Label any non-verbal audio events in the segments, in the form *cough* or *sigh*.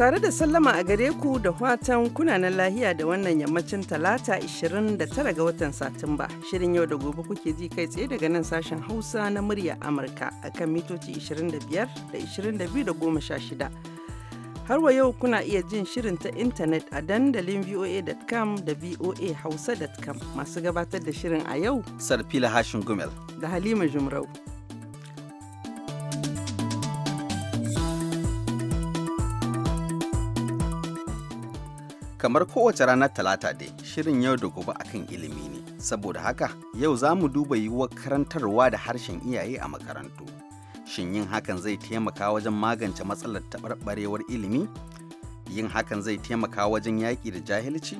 Tare da sallama a gare ku da watan kunanan lahiya da wannan yammacin talata 29 ga watan Satumba. Shirin yau da gobe kuke ji kai tsaye daga nan sashen Hausa na murya Amurka a kan mitoci 25 da 22 da 16. Har wa yau kuna iya jin shirin ta intanet a dandalin voa.com da voahausa.com masu gabatar da shirin a yau. Sarfila Hashin Gumel. Da Halima Jumrau. kamar kowace rana talata dai shirin yau da gobe akan ilimi ne saboda haka yau za mu duba yiwuwar karantarwa da harshen iyaye a makarantu shin yin hakan zai taimaka wajen magance matsalar taɓarɓarewar ilimi yin hakan zai taimaka wajen yaƙi da jahilci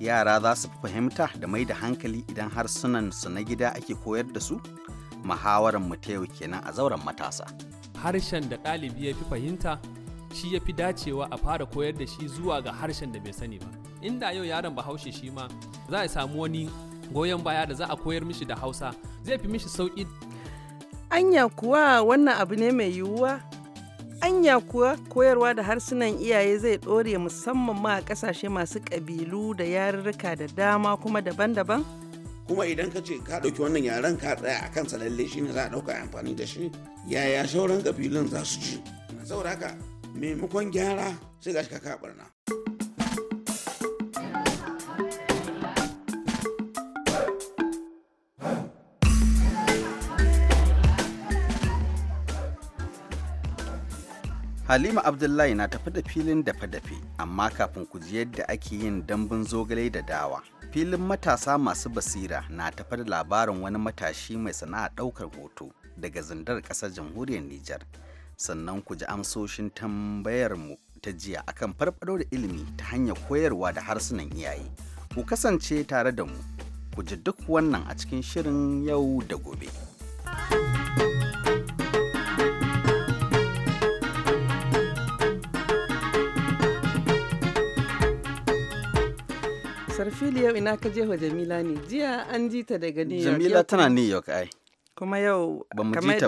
yara za su fahimta da mai da hankali idan harsunan su na gida ake koyar da su muhawarar mu ta yau kenan a zauren matasa harshen da ɗalibi ya fi fahimta shi ya fi dacewa a fara koyar da shi zuwa ga harshen da bai sani ba inda yau yaron bahaushe shi ma za a samu wani goyon baya da za a koyar mishi da hausa zai fi mishi sauƙi anya kuwa wannan abu ne mai yiwuwa anya kuwa koyarwa da harsunan iyaye zai ɗore musamman ma a ƙasashe masu ƙabilu da yarurruka da dama kuma daban-daban kuma idan ka ce ka ɗauki wannan yaren ka tsaya a kansa lalle shi ne za a ɗauka amfani da shi yaya sauran ƙabilun za su ji saboda haka maimakon gyara sai ga shiga kaɓarna. Halima Abdullahi na tafi da filin dafe-dafe, amma kafin ku ji yadda ake yin dambun zogale da dawa. Filin matasa masu basira na tafi da labarin wani matashi mai sana'a ɗaukar hoto daga zindar ƙasar jamhuriyar Nijar. sannan ku ji amsoshin tambayarmu ta jiya akan farfado da ilimi ta hanyar koyarwa da harsunan iyaye ku kasance tare da mu ku ji duk wannan a cikin shirin yau da gobe. sarfili yau ina ka jefa jamila ne jiya an ji ta daga new york jamila tana new york ai kuma yau kamar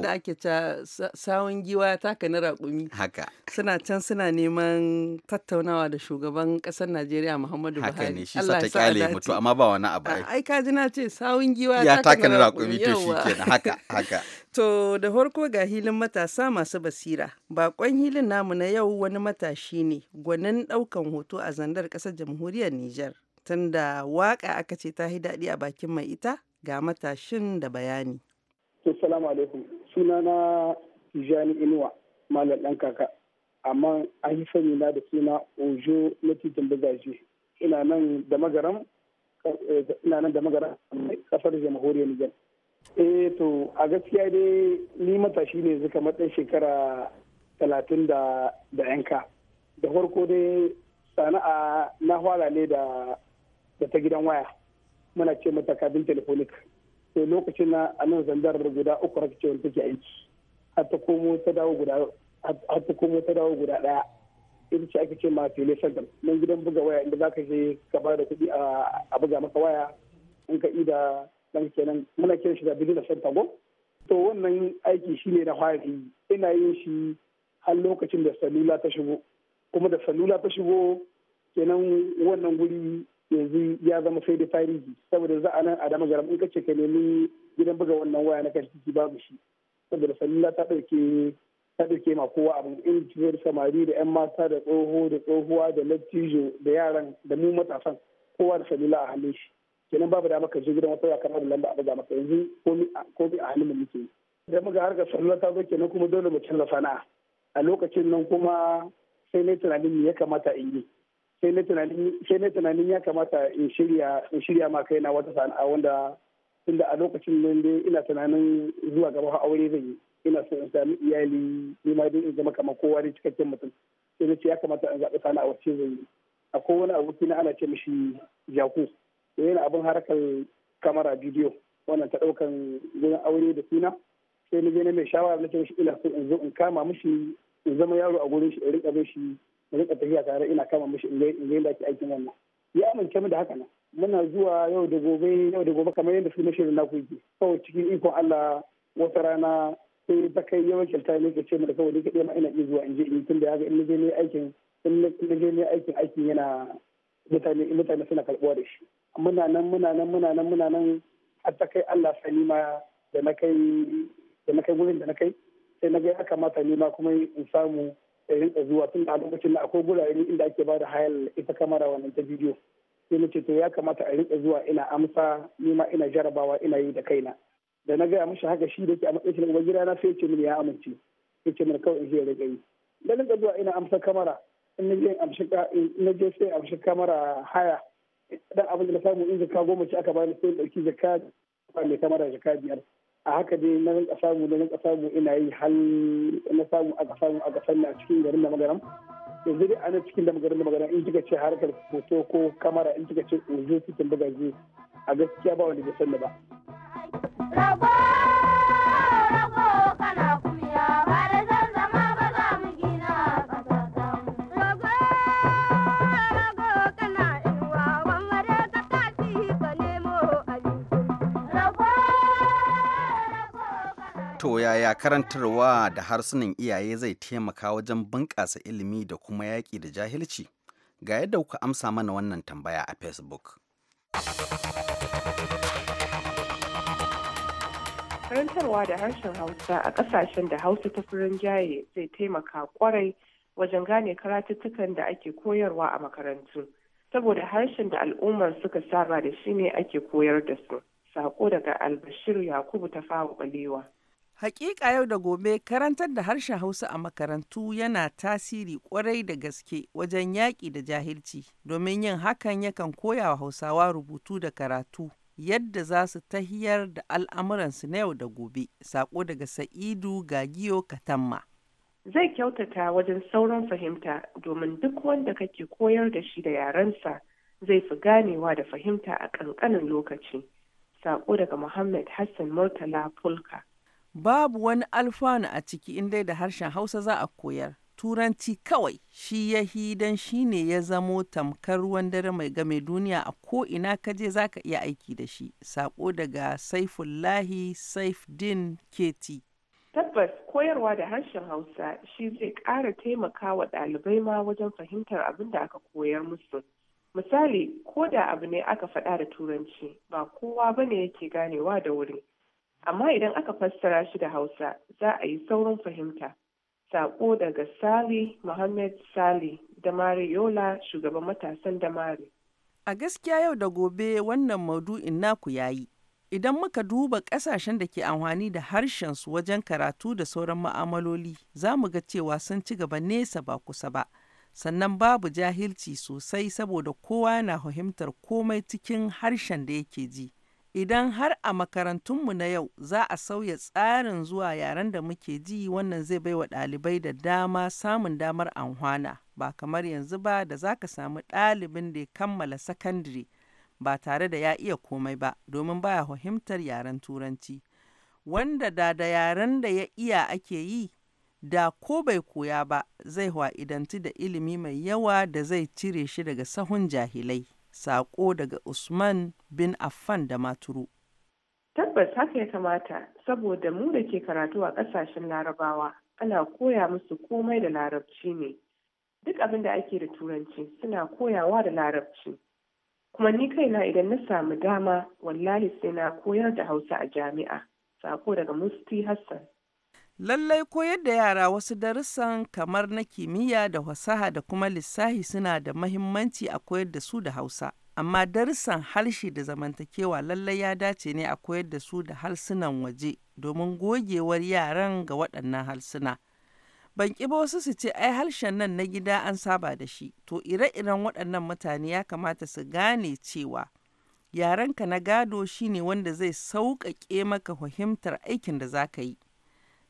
da ake ta sawun giwa taka na raƙumi haka suna can suna neman tattaunawa da shugaban ƙasar najeriya muhammadu buhari haka ne shi sa ta kyale mutu amma ba wani abu ai ka ji na ce sawun giwa ya taka na raƙumi to shi kenan haka haka *laughs* to da farko ga hilin matasa masu basira bakon hilin namu na yau wani matashi ne gwanin ɗaukan hoto a zandar ƙasar jamhuriyar niger tunda waka aka ce ta daɗi a bakin mai ita ga matashin da bayani. Assalamu alaikum sunana Tijani Inuwa Malam ɗan kaka amma an yi sani na da suna Ojo na titin bugaji ina nan da magaram ina nan da magaram kasar jamhuriyar Nijar. Eh to a gaskiya dai ni matashi ne zuka matsayin shekara talatin da da yanka da farko dai sana'a na fara ne da ta gidan waya. muna ce mata kabin telefonic to lokacin na a nan zandar guda uku rake ce take aiki har ta komo ta dawo guda har ta komo ta dawo guda daya ita ce ake ce ma tele center nan gidan buga waya inda zaka je ka ba da kuɗi a buga maka waya in ka ida dan kenan muna kiran shi da business center go to wannan aiki shine na fari ina yin shi har lokacin da salula ta shigo kuma da salula ta shigo kenan wannan guri yanzu ya zama sai da tarihi saboda za a nan a dama garam in ka ka nemi gidan buga wannan waya na kan ciki babu shi saboda salula ta ɗauke ta ɗauke ma kowa abu in samari da 'yan mata da tsoho da tsohuwa da lattijo da yaran da mu matasan kowa da salula a hannun shi kenan babu dama ka je gidan wata ya kama da lamba a buga maka yanzu komi a hannun mu muke da muka harkar salula ta zo kenan kuma dole mu canza sana'a a lokacin nan kuma sai na tunanin me ya kamata in yi sai na tunanin ya kamata in shirya ma kaina wata sana'a wanda tunda a lokacin nan dai ina tunanin zuwa gaba aure zai yi ina so in sami iyali ni ma dai in zama kamar kowa ne cikakken mutum sai na ce ya kamata in zaɓi sana'a wacce zai yi akwai wani aboki na ana ce mishi jaku da yana abin harkar kamara bidiyo wannan ta ɗaukan gurin aure da suna sai na je na mai shawara na ce mishi ina so in zo in kama mishi in zama yaro a gurin shi in rika mishi shi mu rika tafiya tare ina kama mishi in ga yadda ake aikin wannan ya amince mu da haka nan muna zuwa yau da gobe yau da gobe kamar yadda na shirin naku yake kawai cikin ikon Allah wata rana sai ta kai yawan kyauta ne ka ce mu da kawai ɗaya ma ina iya zuwa in je in tun da ya ga in je ne aikin in na je ne aikin aikin yana mutane mutane suna karɓuwa da shi muna nan muna nan muna nan muna nan har ta kai Allah sani ma da na kai da na kai gurin da na kai sai na ga ya kamata ni ma kuma in samu ya rinka zuwa tun a lokacin na akwai gurare inda ake ba da hayar ita kamara wannan ta bidiyo sai na ce to ya kamata a rinka zuwa ina amsa ni ma ina jarabawa ina yi da kaina da na gaya mishi haka shi da ke a matsayin shi na gida na sai ya ce mini ya amince sai ce mini kawai in je rinka yi da rinka zuwa ina amsa kamara in na je amshi je sai amshi kamara haya dan abin da na samu in zakka goma ce aka bani sai in dauki zakka mai kamara jaka biyar a haka dai na rinka samu na rinka samu ina yi hal na samu ga samu ga sanna a cikin garin da magaram yanzu dai ana cikin da magarin da magaram in kika ce harkar hoto ko kamara in kika ce ozo cikin bugaje a gaskiya ba wanda bai sanna ba. To yaya karantarwa da harsunan iyaye zai taimaka wajen bunƙasa ilimi da kuma yaƙi da jahilci? Ga yadda kuka amsa mana wannan tambaya a Facebook. Karantarwa da harshen Hausa a ƙasashen da Hausa ta furin jaye zai taimaka kwarai wajen gane karatuttukan da ake koyarwa a makarantu, saboda harshen da al'ummar suka saba da shi ne ake koyar da su. Sako daga Albashir Yakubu ta fara balewa. Hakika yau da gobe karantar da harshen Hausa a makarantu yana tasiri kwarai da gaske wajen yaƙi da jahilci, domin yin hakan yakan koya wa Hausawa rubutu da karatu yadda za su tahiyar da al'amuransu na yau da gobe, sako daga Sa'idu Gagiyo Katamma. Zai kyautata wajen sauran fahimta domin duk wanda kake koyar da shi da yarensa zai fi ganewa da fahimta a ƙanƙanin lokaci. Sako daga Muhammad Hassan Murtala Fulka. babu wani alfanu a ciki in dai da harshen hausa za a koyar turanci kawai shi ya hidan shi ne ya zamo tamkar ruwan dare mai game duniya a ko ko'ina kaje za ka iya aiki da shi sako daga saifullahi saifdin keti tabbas koyarwa da harshen hausa shi zai ƙara taimaka wa ɗalibai ma wajen fahimtar abin da aka koyar musu misali ko da abu ne aka faɗa da turanci ba kowa bane yake ganewa da wuri Amma idan aka fassara shi da Hausa za a yi saurin fahimta. saƙo daga Sali Muhammad Sali da Yola shugaban matasan Damare. A gaskiya yau da gobe wannan maudu'in naku yayi. Idan muka duba ƙasashen da ke amfani da harshensu wajen karatu da sauran ma'amaloli, za mu ga cewa sun ci gaba nesa ba kusa ba. sannan babu jahilci sosai saboda kowa na fahimtar komai cikin harshen da yake ji idan har a makarantunmu na yau za a sauya tsarin zuwa yaren da muke ji wannan zai bai wa ɗalibai da dama samun damar anhwana ba kamar yanzu ba da za ka samu ɗalibin da ya kammala sakandare ba tare da ya iya komai ba domin baya fahimtar yaren turanci wanda da da yaren da ya iya ake yi da ko bai koya ba zai wa'idantu da ilimi mai yawa da zai cire shi daga sahun jahilai Saƙo daga Usman bin Affan da Maturu. Tabbas haka ya kamata saboda mu da ke karatu a ƙasashen larabawa ana koya musu komai da larabci ne. Duk abin da ake da turanci suna koyawa da larabci. Kuma ni kaina idan na samu dama wallahi sai na koyar da Hausa a jami'a. Sako daga Musti Hassan. Lallai koyar da yara wasu darussan kamar na kimiyya da fasaha da kuma lissahi suna da mahimmanci a koyar da su da Hausa, amma darussan harshe da zamantakewa lallai ya dace ne a koyar da su da harsunan waje domin gogewar yaran ga waɗannan harsuna. Ban ba wasu su ce ai harshen nan na gida an saba da shi, to ire-iren waɗannan mutane ya kamata su gane cewa yarenka na gado shine wanda zai sauƙaƙe maka fahimtar aikin da za ka yi.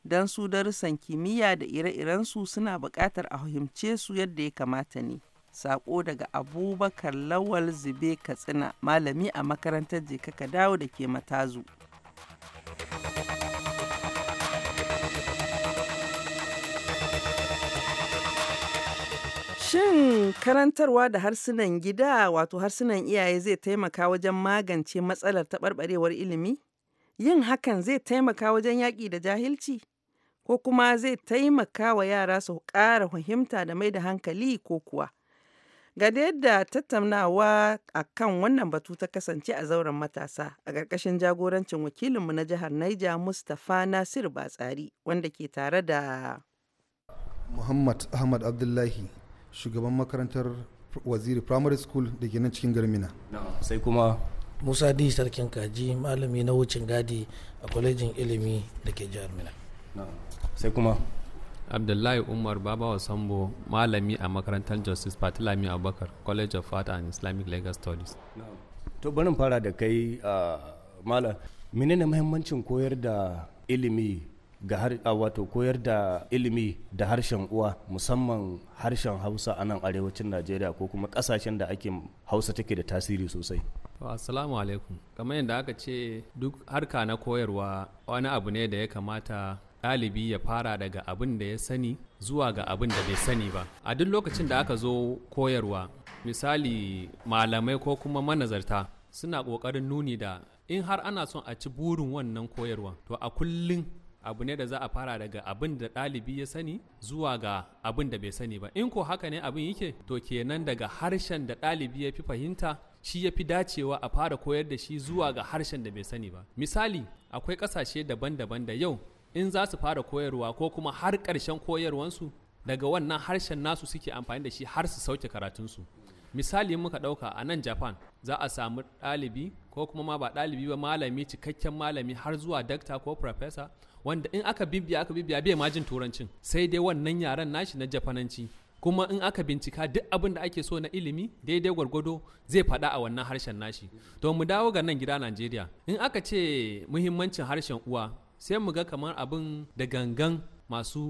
don su darussan kimiyya da ire-irensu suna buƙatar a fahimce su yadda ya kamata ne. saƙo daga Abubakar Lawal Zube Katsina, malami a makarantar Jeka ka dawo da ke Matazu. Shin karantarwa da harsunan gida wato harsunan iyaye zai taimaka wajen magance matsalar taɓarɓarewar ilimi? Yin hakan zai taimaka wajen yaƙi da jahilci? ko kuma zai taimaka wa yara su ƙara fahimta da mai da hankali ko kuwa. Ga da yadda tattaunawa a kan wannan batu ta kasance a zauren matasa a ƙarƙashin jagorancin wakilinmu na jihar Naija Mustapha Nasir Batsari wanda ke tare da Muhammad Ahmad Abdullahi shugaban makarantar waziri primary school da ke nan cikin garmina. Sai kuma Musa D sarkin kaji malami na wucin gadi a kwalejin ilimi da ke jihar Mina. sai kuma abdullahi umar babawa sambo malami a makarantar justice patilami abubakar college of art and islamic legal studies to barin fara da kai malam menene mahimmancin koyar da ilimi ga har wato koyar da ilimi da harshen uwa musamman harshen hausa a nan arewacin najeriya ko kuma kasashen da ake hausa take da tasiri sosai assalamu alaikum kamar yadda aka ce duk harka na koyarwa wani abu ne da ya kamata ɗalibi ya fara daga abin da ya sani zuwa ga abin da bai sani ba a duk lokacin da aka zo koyarwa misali malamai ko kuma manazarta suna ƙoƙarin nuni da in har ana son a ci burin wannan koyarwa to a kullum abu ne da za a fara daga abin da ɗalibi ya sani zuwa ga abin da bai sani ba in ko haka ne abin yake to kenan daga harshen da ɗalibi ya fi fahimta shi ya fi dacewa a fara koyar da shi zuwa ga harshen da bai sani ba misali akwai ƙasashe daban-daban da yau in za su fara koyarwa ko kuma har ƙarshen koyarwansu daga wannan harshen nasu suke amfani da shi har su sauke karatunsu misali muka ɗauka a nan japan za a samu ɗalibi ko kuma ma ba ɗalibi ba malami cikakken malami har zuwa dakta ko profesa wanda in aka bibiya aka bibiya bai ma jin turancin sai dai wannan yaren nashi na japananci kuma in aka bincika duk abin da ake so na ilimi daidai gwargwado zai faɗa a wannan harshen nashi to mu dawo ga nan gida najeriya in aka ce muhimmancin harshen uwa sai mu ga kamar abin da gangan masu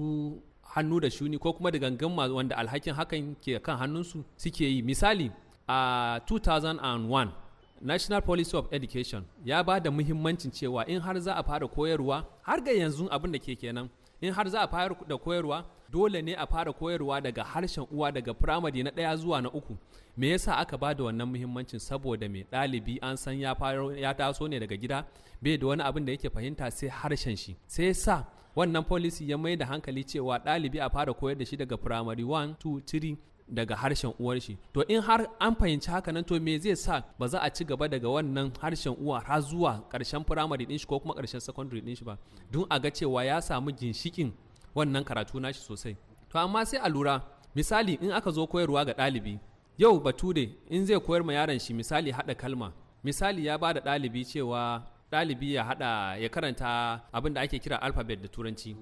hannu da shuni ko kuma da gangan wanda alhakin hakan ke kan hannunsu suke yi misali a 2001 national policy of education ya ba da muhimmancin cewa in har za a fara koyarwa har ga yanzu abin da ke kenan in har za a fara da koyarwa dole ne a fara koyarwa daga harshen uwa daga firamare na ɗaya zuwa na uku me yasa aka ba da wannan muhimmancin saboda mai ɗalibi an san ya taso ne daga gida bai da wani abin da yake fahimta sai harshen shi sai sa wannan policy ya mai da hankali cewa ɗalibi a fara koyar da shi daga firamare 1 2 3 daga harshen uwar shi to in har an fahimci haka nan to me zai sa ba za a ci gaba daga wannan harshen uwa har zuwa karshen firamare din shi ko kuma karshen secondary din shi ba don a ga cewa ya samu ginshikin wannan karatu nashi sosai to amma sai a lura misali in aka zo koyarwa ga ɗalibi yau bature in zai koyar ma yaron shi misali haɗa kalma misali ya ba da ɗalibi cewa ɗalibi ya haɗa ya karanta abin da ake kira alphabet da turanci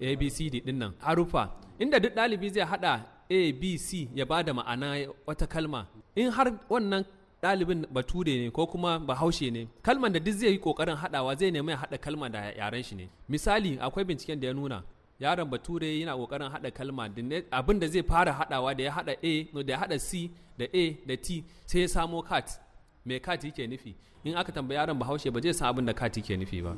abcd ɗin nan harufa inda duk ɗalibi zai haɗa abc ya ba da ma'ana wata kalma in har wannan ɗalibin bature ne ko kuma bahaushe ne kalman da duk zai yi ƙoƙarin haɗawa zai nemi ya haɗa kalma da yaren shi ne misali akwai binciken da ya nuna yaron bature yana kokarin hada kalma abin da zai fara hadawa da ya hada a da ya hada c da a da t sai ya samo kat me cat yake nufi in aka tambayi yaron bahaushe ba zai san abin da cat yake nufi ba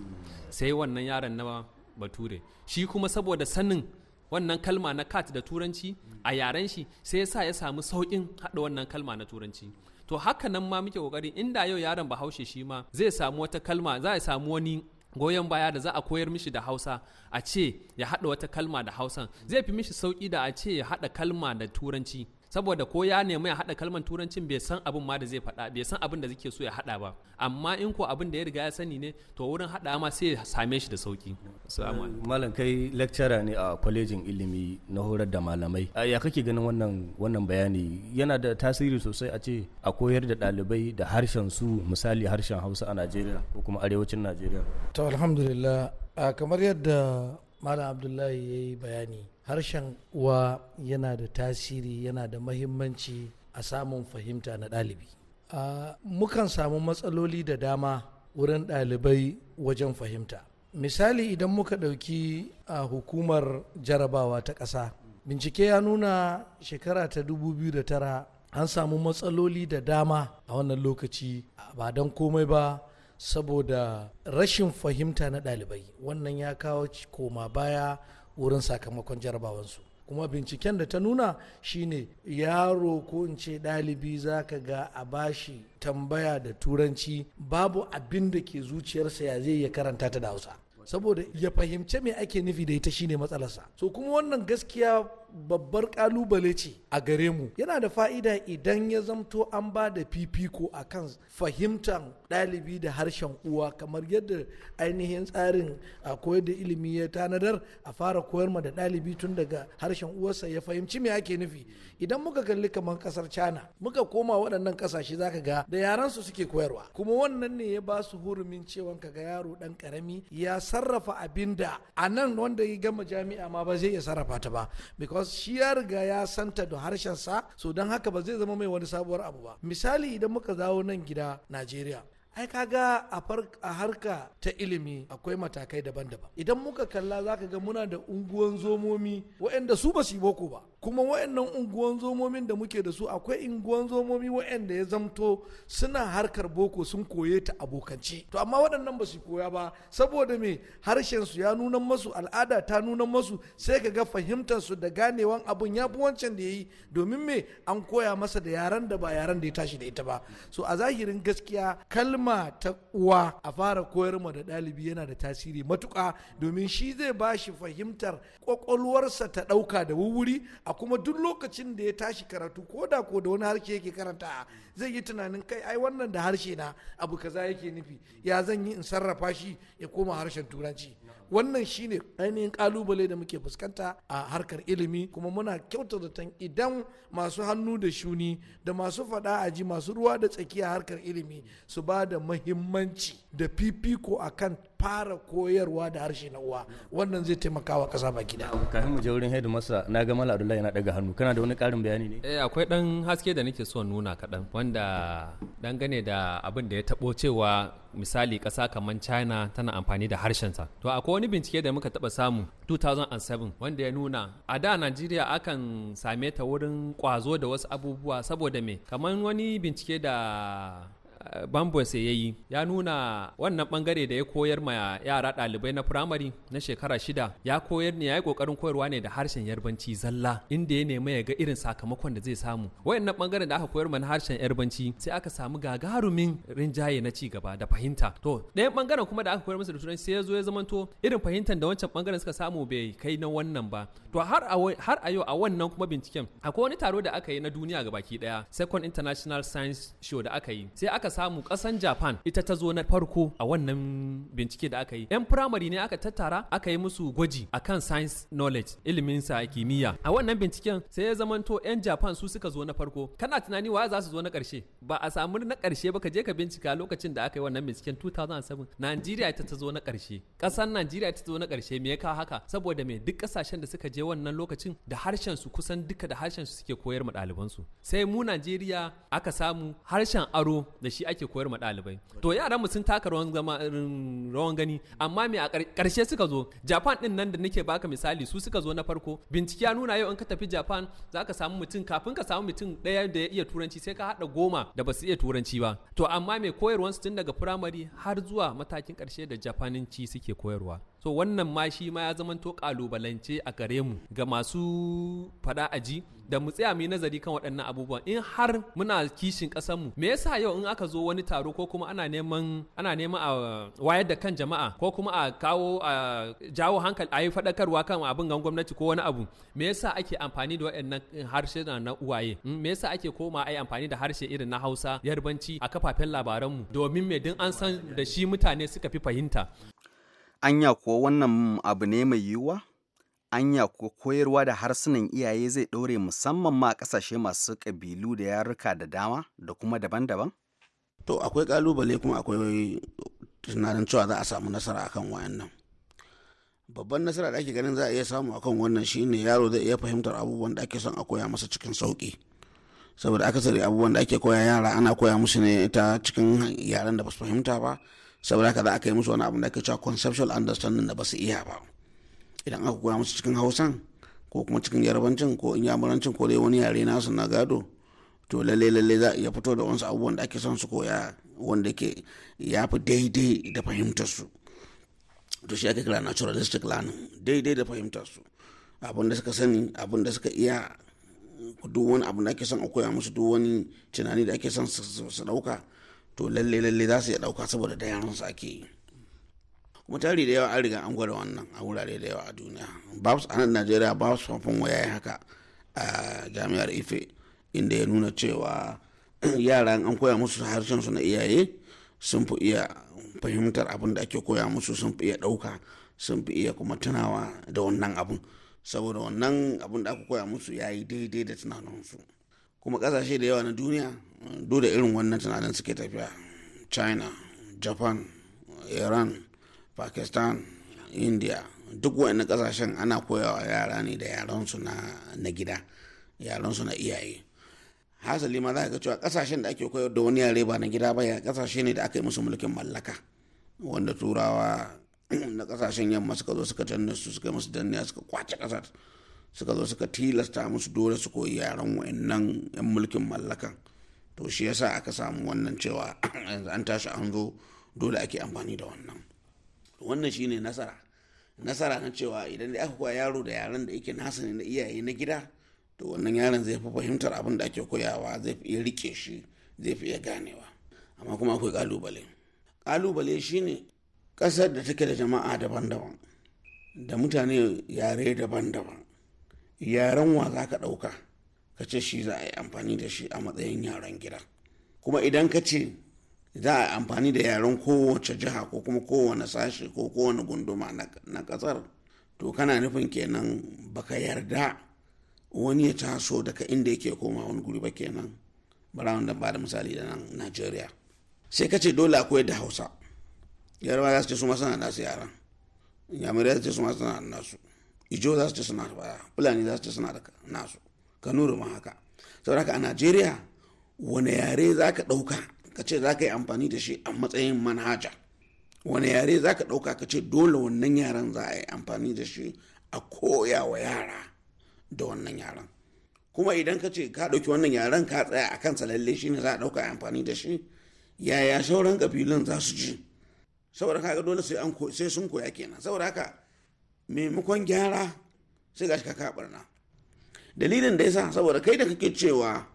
sai wannan yaron na bature shi kuma saboda sanin wannan kalma na kat da turanci a yaren shi sai ya sa ya samu saukin hada wannan kalma na turanci to haka nan ma muke kokari inda yau yaron bahaushe shi ma zai samu wata kalma za a samu wani goyon baya da za a koyar mishi da hausa a ce ya haɗa wata kalma da hausan zai fi mishi sauƙi da a ce ya haɗa kalma da turanci saboda ko ya nemi ya haɗa kalmar turancin bai san abin ma da zai faɗa bai san abin da zake so ya haɗa ba amma in ko abin da ya riga ya sani ne to wurin haɗa ma sai ya same shi da sauki eh, malam kai lecturer ne a kwalejin ilimi na horar da malamai ya kake ganin wannan wannan bayani yana da tasiri sosai a ce a koyar da ɗalibai da harshen su misali harshen hausa a najeriya ko kuma arewacin najeriya to alhamdulillah kamar yadda malam abdullahi ya yi bayani harshen uwa yana da tasiri yana da mahimmanci a samun fahimta na ɗalibi mukan samu matsaloli da dama wurin ɗalibai wajen fahimta misali idan muka ɗauki a hukumar jarabawa ta ƙasa bincike ya nuna shekara ta dubu biyu da tara. an samu matsaloli da dama a wannan lokaci ba don komai ba saboda rashin fahimta na ɗalibai wannan ya kawo koma baya wurin sakamakon jarabawansu kuma binciken da ta nuna shine yaro ko in ce ɗalibi za ka ga a bashi tambaya da turanci babu abin da ke zuciyarsa ya zai ya karanta ta da hausa saboda ya fahimce me ake nufi da ita shine matsalarsa so kuma wannan gaskiya babbar kalubale ce a gare mu yana da fa'ida idan ya zamto an ba da fifiko a kan fahimtar ɗalibi da harshen uwa kamar yadda ainihin tsarin a koyar da ilimi ya tanadar a fara koyar da ɗalibi tun daga harshen uwarsa ya fahimci me ake nufi idan muka kalli kamar kasar china muka koma waɗannan ƙasashe zaka ga da yaran su suke koyarwa kuma wannan ne ya ba su hurumin cewa ga yaro ɗan ƙarami ya sarrafa abinda a nan wanda ya gama jami'a ma ba zai iya sarrafa ta ba tabbas shi ya ya santa da harshen sa so don haka ba zai zama mai wani sabuwar abu ba misali idan muka zawo nan gida najeriya ai kaga a harka ta ilimi akwai matakai daban-daban idan muka kalla zaka ga muna da unguwan zomomi waɗanda su ba su yi boko ba kuma waɗannan unguwan zomomin da muke da su akwai unguwan zomomi wayanda ya zamto suna harkar boko sun koye ta abokance to amma waɗannan ba su koya ba saboda me harshen su ya nuna masu al'ada ta nuna masu sai ka ga fahimtar su da ganewan abun ya fi wancan da ya yi domin me an koya masa da yaran da ba yaran da ya tashi da ita ba so a zahirin gaskiya kalma ta uwa a fara koyar ma da ɗalibi yana da tasiri matuƙa domin shi zai ba shi fahimtar ƙwaƙwalwarsa ta ɗauka da wuri a kuma duk lokacin da ya tashi karatu ko da ko da wani harshe yake karanta zai yi tunanin kai ai wannan da harshe na abu kaza yake nufi ya zan yi in sarrafa shi ya koma harshen turanci wannan shine ainihin kalubale da muke fuskanta a harkar ilimi kuma muna kyautata tan idan masu hannu da shuni da masu fada aji masu ruwa da tsakiya harkar ilimi su ba da mahimmanci da fifiko akan fara koyarwa da harshe na uwa wannan zai taimaka wa kasa baki da kafin mu je wurin haidu masa na ga mala abdullahi yana daga hannu kana da wani ƙarin bayani ne eh akwai dan haske da nake so nuna kaɗan wanda dangane da abin da ya tabo cewa misali kasa kamar china tana amfani da harshen sa to akwai wani bincike da muka taba samu 2007 wanda ya nuna a da najeriya akan same ta wurin kwazo da wasu abubuwa saboda me kamar wani bincike da sai ya yi ya nuna wannan bangare da ya koyar ma yara ɗalibai na firamare na shekara shida ya koyar ne ya yi ƙoƙarin koyarwa ne da harshen yarbanci zalla inda ya nemi ya ga irin sakamakon da zai samu wayannan bangaren da aka koyar ma na harshen yarbanci sai aka samu gagarumin rinjaye na ci gaba da fahimta to ɗayan bangaren kuma da aka koyar masa da turanci sai ya zo ya zamanto irin fahimtar da wancan bangaren suka samu bai kai na wannan ba to har a yau a wannan kuma binciken akwai wani taro da aka yi na duniya gabaki daya second international science show da aka yi sai aka samu kasan japan ita ta zo na farko a wannan bincike da aka yi yan firamare ne aka tattara aka yi musu gwaji akan science knowledge ilimin sa kimiyya a wannan binciken sai ya zamanto yan japan su suka zo na farko kana tunani wa za su zo na karshe ba a samu na karshe ba ka je ka bincika lokacin da aka yi wannan binciken 2007 najeriya ita ta zo na karshe kasan najeriya ita ta zo na karshe me ya kawo haka saboda me duk kasashen da suka je wannan lokacin da harshen su kusan duka da harshen su suke koyar ma ɗalibansu sai mu najeriya aka samu harshen aro da shi ake koyar ma ɗalibai to yaran mu sun taka rawan zama rawan gani amma me a ƙarshe suka zo Japan din nan da nake baka misali su suka zo na farko bincike ya nuna yau in ka tafi Japan zaka samu mutum kafin ka samu mutum ɗaya da ya iya turanci sai ka haɗa goma da ba su iya turanci ba to amma me koyarwan su tun daga firamare har zuwa matakin ƙarshe da Japaninci suke koyarwa so wannan ma shi ma ya zamanto ƙalubalance a gare mu ga masu faɗa aji da mu tsaya mu yi nazari kan waɗannan abubuwan in har muna kishin ƙasarmu me yasa yau in aka zo wani taro ko kuma ana neman ana neman a wayar da kan jama'a ko kuma a kawo a jawo hankali a yi faɗakarwa kan abin gan gwamnati ko wani abu me yasa ake amfani da waɗannan harshe na uwaye hmm, me yasa ake koma a yi amfani da harshe irin na Hausa yarbanci a kafafen labaranmu domin me din an san da shi mutane suka fi fahimta anya ko wannan abu ne mai yiwuwa anya ko koyarwa da harsunan iyaye zai ɗore musamman ma ƙasashe masu ƙabilu da yaruka da dama da kuma daban-daban? To akwai ƙalubale kuma akwai tunanin cewa za a samu nasara akan wayannan. Babban nasara da ake ganin za a iya samu akan wannan shine yaro zai iya fahimtar abubuwan da ake son a koya masa cikin sauƙi. Saboda akasari abubuwan da ake koya yara ana koya musu ne ta cikin yaren da ba fahimta ba. Saboda haka za a kai musu wani abu da ake cewa conceptual understanding da ba iya ba. idan aka koya musu cikin hausan ko kuma cikin yarbancin ko yamurancin ko dai wani yare nasu na gado to lalle lalle za a iya fito da wasu abubuwan da ake son su koya wanda ke ya fi daidai da fahimtar su to shi ake kira naturalistic learning daidai da fahimtar su abin da suka sani abin da suka iya duk wani abu da ake son a koya musu duk wani tunani da ake son su dauka to lalle lalle za su iya dauka saboda da yaran su ake yi kuma tari da yawa an riga an gwada wannan a wurare da yawa a duniya babs a nan najeriya babs fafin waya haka a jami'ar ife inda ya nuna cewa *clears throat* yara an koya musu harshen su na iyaye sun fi iya fahimtar abin da ake koya musu sun fi iya ɗauka sun fi iya kuma tunawa da wannan abin saboda wannan abin da aka koya musu ya yi daidai da tunaninsu kuma ƙasashe da yawa na duniya duk da irin wannan tunanin suke tafiya china japan iran pakistan india duk wani kasashen ana koyawa yara ne da yaransu na gida yaransu na iyaye hasali ma za ka cewa kasashen da ake koyar da wani yare ba na gida ba ya kasashe ne da aka yi musu mulkin mallaka wanda turawa *clears throat* na kasashen yamma suka zo suka danne su suka musu danniya suka kwace kasar suka zo suka tilasta musu dole su koyi yaran wa'annan yan mulkin mallakan to shi yasa aka samu wannan cewa *clears throat* yanzu an tashi an zo dole ake amfani da wannan wannan shine nasara nasara na cewa idan da aka koya yaro da yaran da yake nasa ne na iyaye na gida to wannan yaron zai fi fahimtar abin da ake koyawa zai fi iya rike shi zai fi iya ganewa amma kuma akwai kalubale kalubale shine kasar da take da jama'a daban-daban da mutane yare daban-daban yaren wa za ka ɗauka ka ce shi za a yi amfani da shi a matsayin yaren gida kuma idan ka ce za a amfani da yaren kowace jiha ko kuma kowane sashe ko kowane gunduma na kasar to kana nufin kenan baka yarda wani ya taso daga inda yake koma wani guri ba kenan bara da ba da misali da nan najeriya sai ka ce dole akwai da hausa yarba za su ce su masana nasu yaran yamurai za su ce su masana nasu ijo za su ce suna da fulani za su ce suna da nasu kanuru ma haka saboda haka a najeriya wane yare za ka ɗauka ka ce za ka yi amfani da shi a matsayin manhaja wani yare za ka ɗauka ka ce dole wannan yaran za a yi amfani da shi a koya wa yara da wannan yaran kuma idan ka ce ka ɗauki wannan yaren ka tsaya a kansa lalle shi ne za a ɗauka amfani da shi yaya sauran kabilun za su ji saboda kaga dole sai sun koya kenan saboda haka maimakon gyara sai gashi ka kaɓarna dalilin da ya sa saboda kai da kake cewa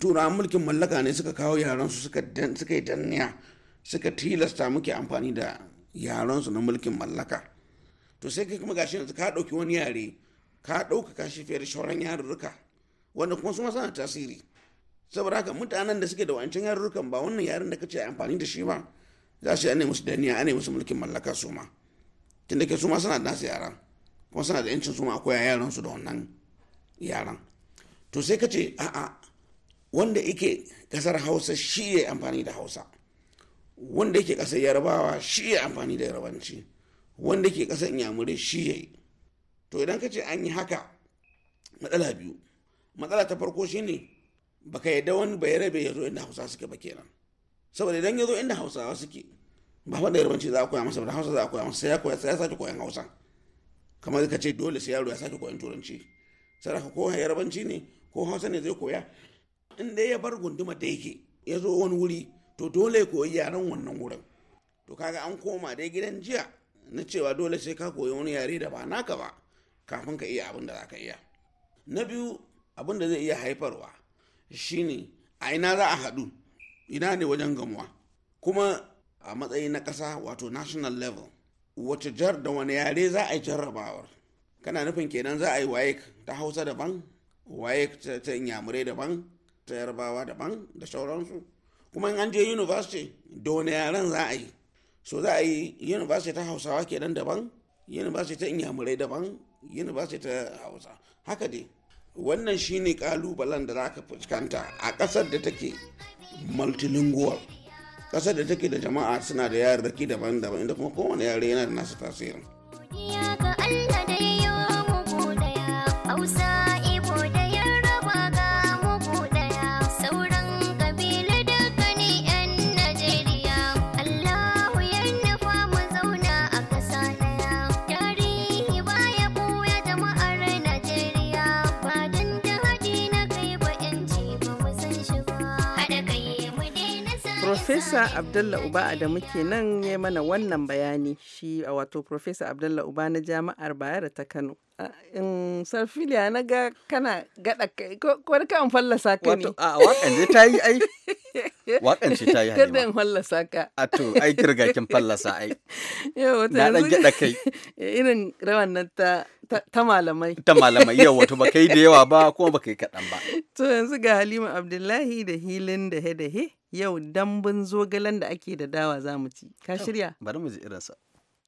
tura mulkin mallaka ne suka kawo yaransu suka yi danniya suka tilasta muke amfani da yaransu na mulkin mallaka to sai kai kuma gashi yanzu ka ɗauki wani yare ka ɗaukaka shi fiye da shauran yarurruka wanda kuma su ma suna tasiri saboda haka mutanen da suke da wancan yarurrukan ba wannan yaren da kace amfani da shi ba za su ane musu danniya ane musu mulkin mallaka su ma tunda ke su ma suna da nasu yaran kuma suna da yancin su ma akwai yaran su da wannan yaran to sai kace a'a wanda yake kasar hausa shi ya amfani da hausa wanda yake kasar yarbawa shi ya amfani da yarbanci wanda yake kasar inyamurai shi ya yi to idan ka ce an yi haka matsala biyu matsala ta farko shi ne ba ka yadda wani bai rabe ya zo inda hausa suke ba kenan saboda idan ya zo inda hausawa suke ba wanda yarbanci za a koya masa da hausa za a koya masa sai ya koya sai ya sake koyan hausa kamar ka ce dole sai yaro ya sake koyan turanci sai ko yarbanci ne ko hausa ne zai koya in dai ya bar gunduma da yake ya zo wani wuri to dole ya koyi yaren wannan wurin to kaga an koma dai gidan jiya na cewa dole sai ka koyi wani yare da ba naka ba kafin ka iya abin da za ka iya na biyu abin da zai iya haifarwa shine a ina za a haɗu ina ne wajen gamuwa kuma a matsayi na ƙasa wato national level wace jar da wani yare za a yi jarrabawar kana nufin kenan za a yi waye ta hausa daban waye ta inyamurai daban ta yarbawa daban da sauransu kuma in an je university da wani yaren za a yi so za a yi university ta hausawa nan daban university ta inyamurai daban university ta hausa haka dai wannan shine kalubalen da za ka fuskanta a ƙasar da take multilingual ƙasar da take da jama'a suna da yararraki daban-daban inda kuma kowane yare yana da nasu tasirin. Profesa Abdullah Uba da muke nan ya mana wannan bayani shi a wato Profesa Abdullah Uba na Jami'ar Bayero ta Kano. In Sarfiliya na ga kana gada ko ka an fallasa ka ne. Wato a waƙan ta yi ai. *laughs* waƙan ce ta yi halima. Kada in fallasa ka. A to ai kirga kin fallasa ai. Yau wata yanzu. Na dan gada kai. *laughs* Irin rawan nan ta ta malamai. Ta malamai yau wato ba kai da yawa ba kuma ba kai kaɗan ba. *laughs* To yanzu ga Halima Abdullahi da hilin da he da he. Yau dambun zogalen da ake da dawa za mu ci. Ka shirya? Bari mu ji irinsa.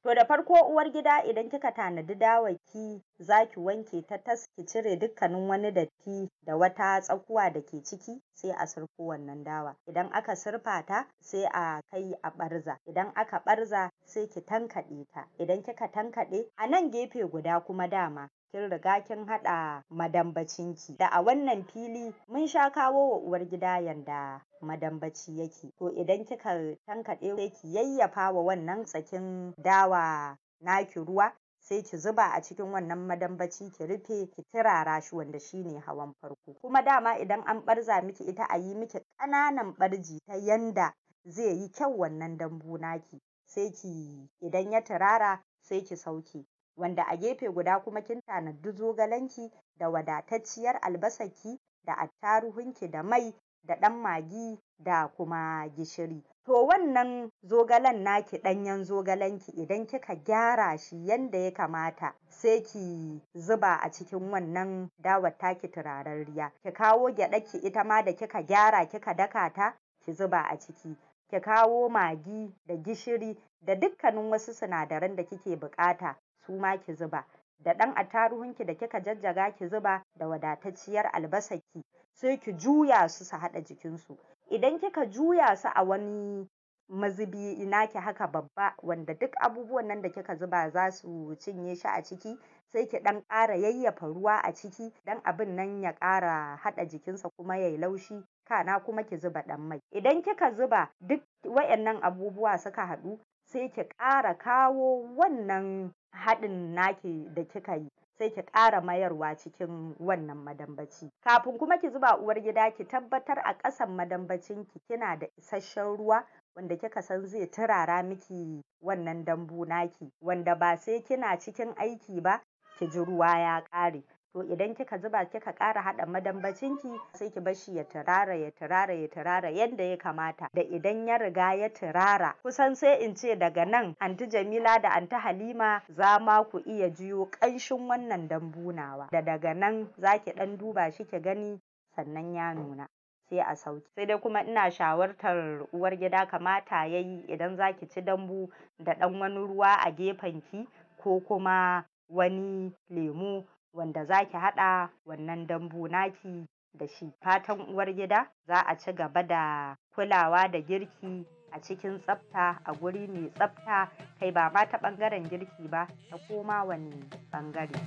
To da farko uwar gida idan kika tanadi dawaki za ki wanke ta tas ki cire dukkanin wani datti da wata tsakuwa da ke ciki sai a surfo wannan dawa. Idan aka sirfa ta sai a kai a barza. Idan aka barza sai ki tankaɗe ta. Idan kika tankaɗe a nan gefe guda kuma dama kin riga kin haɗa madambacinki da a wannan fili mun sha kawo wa uwar gida yanda madambaci yake to idan kika tankaɗe sai ki yayyafa wa wannan tsakin dawa naki ruwa sai ki zuba a cikin wannan madambaci ki rufe ki turara shi wanda shine hawan farko kuma dama idan an ɓarza miki ita a yi miki ƙananan ɓarji ta yanda zai yi kyau wannan dambu naki sai ki idan ya turara sai ki sauke wanda a gefe guda kuma kin tanadi zogalenki da wadatacciyar albasarki da attaruhunki da mai da ɗan magi da kuma gishiri. To wannan zogalen naki ɗanyen zogalenki idan kika gyara shi yanda ya kamata sai ki zuba a cikin wannan dawar taki turararriya. Ki kawo ki ita ma da kika gyara kika daka ta ki zuba a ciki. Ki kawo magi da gishiri da dukkanin wasu sinadaran da kike buƙata suma ki zuba. Da ɗan attaruhunki da kika jajjaga ki zuba da wadatacciyar albasarki sai ki juya su su haɗa jikinsu. Idan kika juya su a wani mazubi naki haka babba wanda duk abubuwan nan da kika zuba za su cinye shi a ciki sai ki ɗan ƙara yayyafa ruwa a ciki don abin nan ya ƙara haɗa jikinsa kuma yayi laushi kana kuma ki zuba ɗan mai idan kika zuba duk wayannan abubuwa suka haɗu sai ki ƙara kawo wannan haɗin naki da kika yi sai ki ƙara mayarwa cikin wannan madambaci kafin kuma ki zuba uwar gida ki tabbatar a ƙasan madambacin ki kina da isasshen ruwa wanda kika san zai turara miki wannan dambu naki wanda ba sai kina cikin aiki ba ki ji ruwa ya ƙare to idan kika zuba kika ƙara haɗa madambacin ki sai ki bar shi ya turara ya turara ya turara yadda ya kamata da idan ya riga ya turara kusan sai in ce daga nan anti Jamila da anti Halima za ma ku iya jiyo ƙanshin wannan dambu nawa da daga nan za ki ɗan duba shi ki gani sannan ya nuna sai a sauki sai dai kuma ina shawartar uwar gida kamata yayi idan za ki ci dambu da ɗan wani ruwa a gefen ki ko kuma wani lemu wanda zaki haɗa wannan dambu naki da shi. Fatan uwargida za a ci gaba da kulawa da girki a cikin tsafta a guri mai tsafta kai ba ma ta ɓangaren girki ba ta koma wani ɓangare.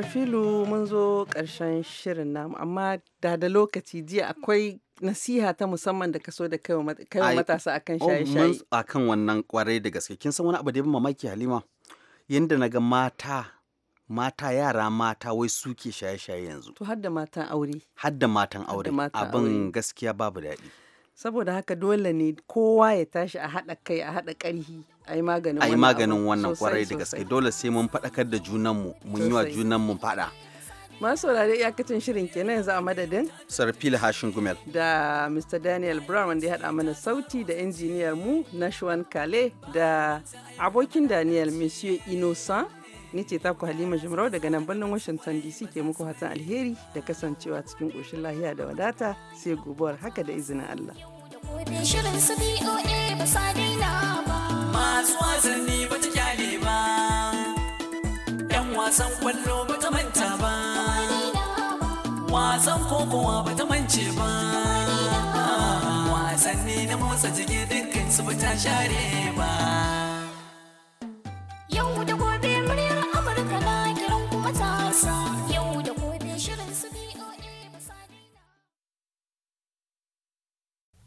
filu mun zo karshen shirin namu amma da da lokaci jiya akwai nasiha ta musamman da kaso da kai wa matasa akan oh, shaye-shaye akan wannan kwarai da gaske kin san wani abu da ya mamaki halima Yanda na ga mata mata yara mata wai suke shaye-shaye yanzu to har da matan aure har da matan aure abin gaskiya babu daɗi saboda haka dole ne kowa ya tashi a haɗa kai a haɗa ƙarfi a yi maganin wannan kwarai da gaske dole sai mun faɗakar da junanmu mun yi wa junanmu faɗa masu saurari iyakacin shirin kenan yanzu a madadin sarfila hashin gumel da mr daniel brown wanda ya haɗa mana sauti da injiniyar mu nashwan kale da abokin daniel monsieur innocent ni ce taku halima jimarau daga nan birnin washington dc ke muku hatan alheri da kasancewa cikin ƙoshin lahiya da wadata sai gobe haka da izinin allah Shirin su BOA ba sa daina ba. Masu wasanni ba ta kyale ba, ‘yan wasan kwallo ba ta manta ba, wasan kokowa ba ta mance ba. Wasanni na motsa jiki dukkan su ba ta share ba. Yau da gobe murya.